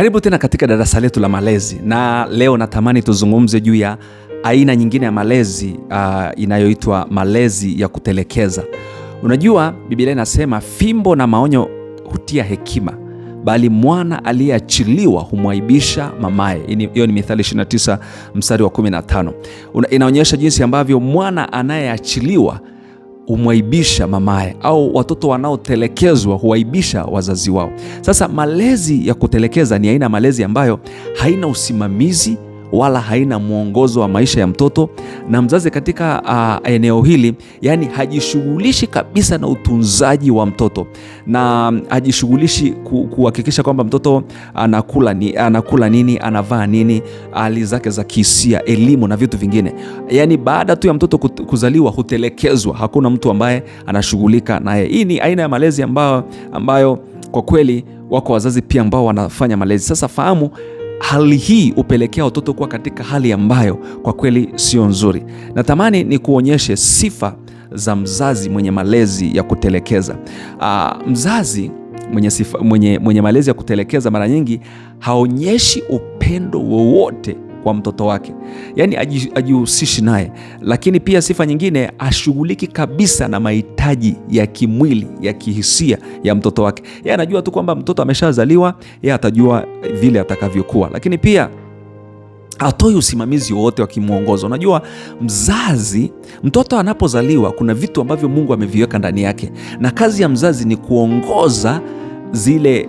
Karibu tena katika darasa letu la malezi, na leo natamani tuzungumze juu ya aina nyingine ya malezi uh, inayoitwa malezi ya kutelekeza. Unajua, Biblia inasema fimbo na maonyo hutia hekima, bali mwana aliyeachiliwa humwaibisha mamaye. Hiyo ni Mithali 29 mstari wa 15. Una, inaonyesha jinsi ambavyo mwana anayeachiliwa humwaibisha mamaye, au watoto wanaotelekezwa huwaibisha wazazi wao. Sasa malezi ya kutelekeza ni aina ya malezi ambayo haina usimamizi wala haina mwongozo wa maisha ya mtoto, na mzazi katika uh, eneo hili yani hajishughulishi kabisa na utunzaji wa mtoto na hajishughulishi kuhakikisha kwamba mtoto anakula, ni, anakula nini, anavaa nini, hali zake za kihisia, elimu na vitu vingine. Yani baada tu ya mtoto kuzaliwa hutelekezwa, hakuna mtu ambaye anashughulika naye. Hii ni aina ya malezi ambayo, ambayo kwa kweli wako wazazi pia ambao wanafanya malezi. Sasa fahamu hali hii hupelekea watoto kuwa katika hali ambayo kwa kweli sio nzuri. Natamani ni kuonyeshe sifa za mzazi mwenye malezi ya kutelekeza. Aa, ah, mzazi mwenye, sifa, mwenye, mwenye malezi ya kutelekeza mara nyingi haonyeshi upendo wowote kwa mtoto wake, yaani ajihusishi naye. Lakini pia sifa nyingine, ashughuliki kabisa na mahitaji ya kimwili ya kihisia ya mtoto wake. Yeye anajua tu kwamba mtoto ameshazaliwa, yeye atajua vile atakavyokuwa. Lakini pia atoi usimamizi wowote wa kimwongozo. Unajua, mzazi, mtoto anapozaliwa kuna vitu ambavyo Mungu ameviweka ndani yake, na kazi ya mzazi ni kuongoza zile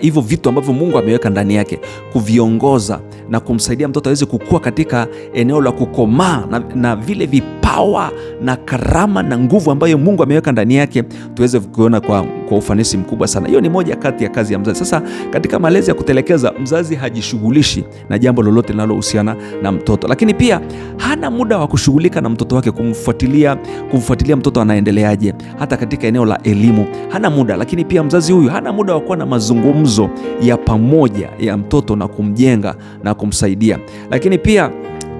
hivyo vitu ambavyo Mungu ameweka ndani yake, kuviongoza na kumsaidia mtoto aweze kukua katika eneo la kukomaa na, na vile vipawa na karama na nguvu ambayo Mungu ameweka ndani yake tuweze kuona kwa, kwa ufanisi mkubwa sana. Hiyo ni moja kati ya kazi ya mzazi. Sasa katika malezi ya kutelekeza, mzazi hajishughulishi na jambo lolote linalohusiana na mtoto, lakini pia hana muda wa kushughulika na mtoto wake, kumfuatilia kumfuatilia mtoto anaendeleaje, hata katika eneo la elimu hana muda, lakini pia mzazi huyu hana muda wa kunakuwa na mazungumzo ya pamoja ya mtoto na kumjenga na kumsaidia. Lakini pia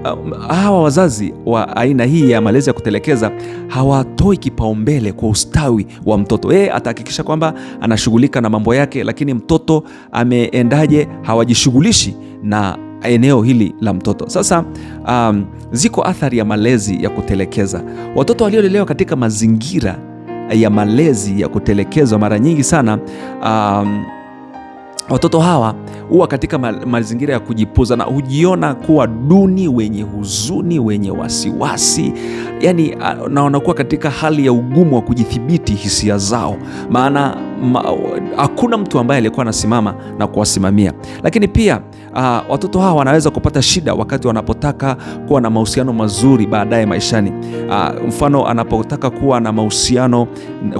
um, hawa wazazi wa aina hii ya malezi ya kutelekeza hawatoi kipaumbele kwa ustawi wa mtoto. Yeye atahakikisha kwamba anashughulika na mambo yake, lakini mtoto ameendaje, hawajishughulishi na eneo hili la mtoto. Sasa um, ziko athari ya malezi ya kutelekeza. Watoto waliolelewa katika mazingira ya malezi ya kutelekezwa mara nyingi sana um, Watoto hawa huwa katika mazingira ya kujipuza na hujiona kuwa duni, wenye huzuni, wenye wasiwasi, yani na wanakuwa katika hali ya ugumu wa kujithibiti hisia zao, maana hakuna ma, mtu ambaye alikuwa anasimama na kuwasimamia. Lakini pia uh, watoto hawa wanaweza kupata shida wakati wanapotaka kuwa na mahusiano mazuri baadaye maishani. Uh, mfano anapotaka kuwa na mahusiano,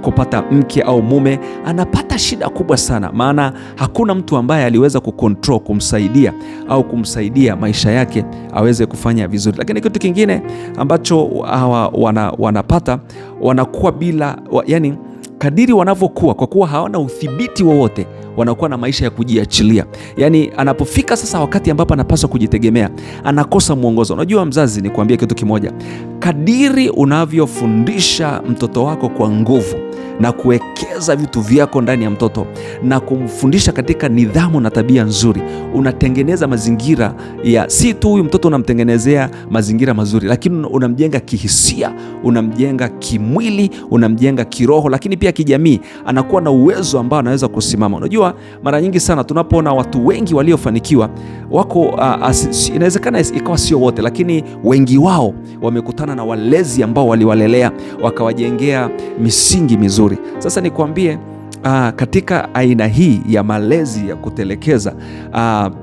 kupata mke au mume anapata walipata shida kubwa sana, maana hakuna mtu ambaye aliweza kukontrol kumsaidia au kumsaidia maisha yake aweze kufanya vizuri. Lakini kitu kingine ambacho hawa wana, wanapata wanakuwa bila yani, kadiri wanavyokuwa, kwa kuwa hawana udhibiti wowote wanakuwa na maisha ya kujiachilia. Yaani, anapofika sasa wakati ambapo anapaswa kujitegemea anakosa mwongozo. Unajua mzazi, ni kuambia kitu kimoja, kadiri unavyofundisha mtoto wako kwa nguvu na kuwekeza vitu vyako ndani ya mtoto na kumfundisha katika nidhamu na tabia nzuri, unatengeneza mazingira ya si tu huyu mtoto unamtengenezea mazingira mazuri, lakini unamjenga kihisia, unamjenga kimwili, unamjenga kiroho, lakini pia kijamii, anakuwa na uwezo ambao anaweza kusimama. Unajua, mara nyingi sana tunapoona watu wengi waliofanikiwa wako uh, inawezekana ikawa sio wote, lakini wengi wao wamekutana na walezi ambao waliwalelea wakawajengea misingi mizuri vizuri. Sasa nikuambie uh, ah, katika aina hii ya malezi ya kutelekeza uh,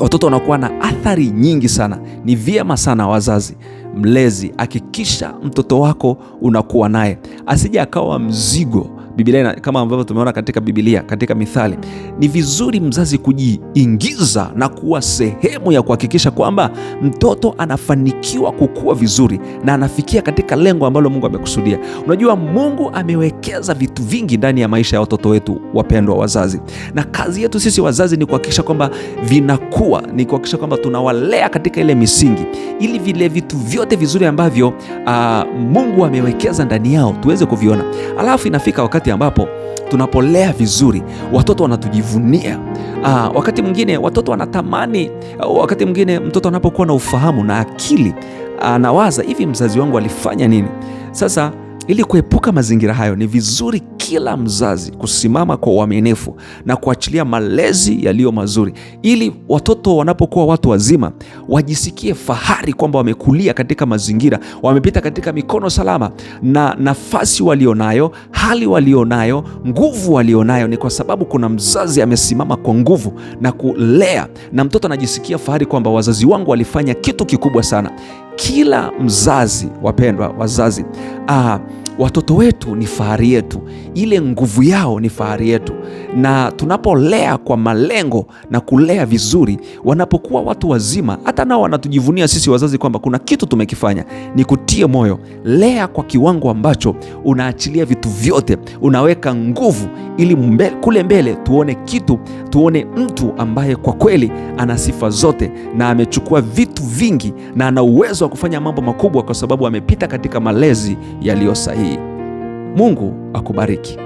watoto wanakuwa na athari nyingi sana. Ni vyema sana wazazi, mlezi, hakikisha mtoto wako unakuwa naye, asije akawa mzigo Biblia kama ambavyo tumeona katika Biblia katika Mithali, ni vizuri mzazi kujiingiza na kuwa sehemu ya kuhakikisha kwamba mtoto anafanikiwa kukua vizuri na anafikia katika lengo ambalo Mungu amekusudia. Unajua, Mungu amewekeza vitu vingi ndani ya maisha ya watoto wetu, wapendwa wazazi, na kazi yetu sisi wazazi ni kuhakikisha kwamba vinakuwa, ni kuhakikisha kwamba tunawalea katika ile misingi, ili vile vitu vyote vizuri ambavyo uh, Mungu amewekeza ndani yao tuweze kuviona, alafu inafika wakati wakati ambapo tunapolea vizuri watoto wanatujivunia. Aa, ah, wakati mwingine watoto wanatamani, wakati mwingine mtoto anapokuwa na ufahamu na akili anawaza hivi, mzazi wangu alifanya nini? Sasa ili kuepuka mazingira hayo, ni vizuri kila mzazi kusimama kwa uaminifu na kuachilia malezi yaliyo mazuri, ili watoto wanapokuwa watu wazima wajisikie fahari kwamba wamekulia katika mazingira, wamepita katika mikono salama, na nafasi walionayo, hali walionayo, nguvu walionayo ni kwa sababu kuna mzazi amesimama kwa nguvu na kulea, na mtoto anajisikia fahari kwamba wazazi wangu walifanya kitu kikubwa sana kila mzazi, wapendwa wazazi, uh, watoto wetu ni fahari yetu, ile nguvu yao ni fahari yetu, na tunapolea kwa malengo na kulea vizuri, wanapokuwa watu wazima, hata nao wanatujivunia sisi wazazi kwamba kuna kitu tumekifanya. Ni kutie moyo, lea kwa kiwango ambacho unaachilia vitu vyote, unaweka nguvu ili mbe, kule mbele tuone kitu, tuone mtu ambaye kwa kweli ana sifa zote na amechukua vitu vingi na ana uwezo uwezo wa kufanya mambo makubwa kwa sababu amepita katika malezi yaliyo sahihi. Mungu akubariki.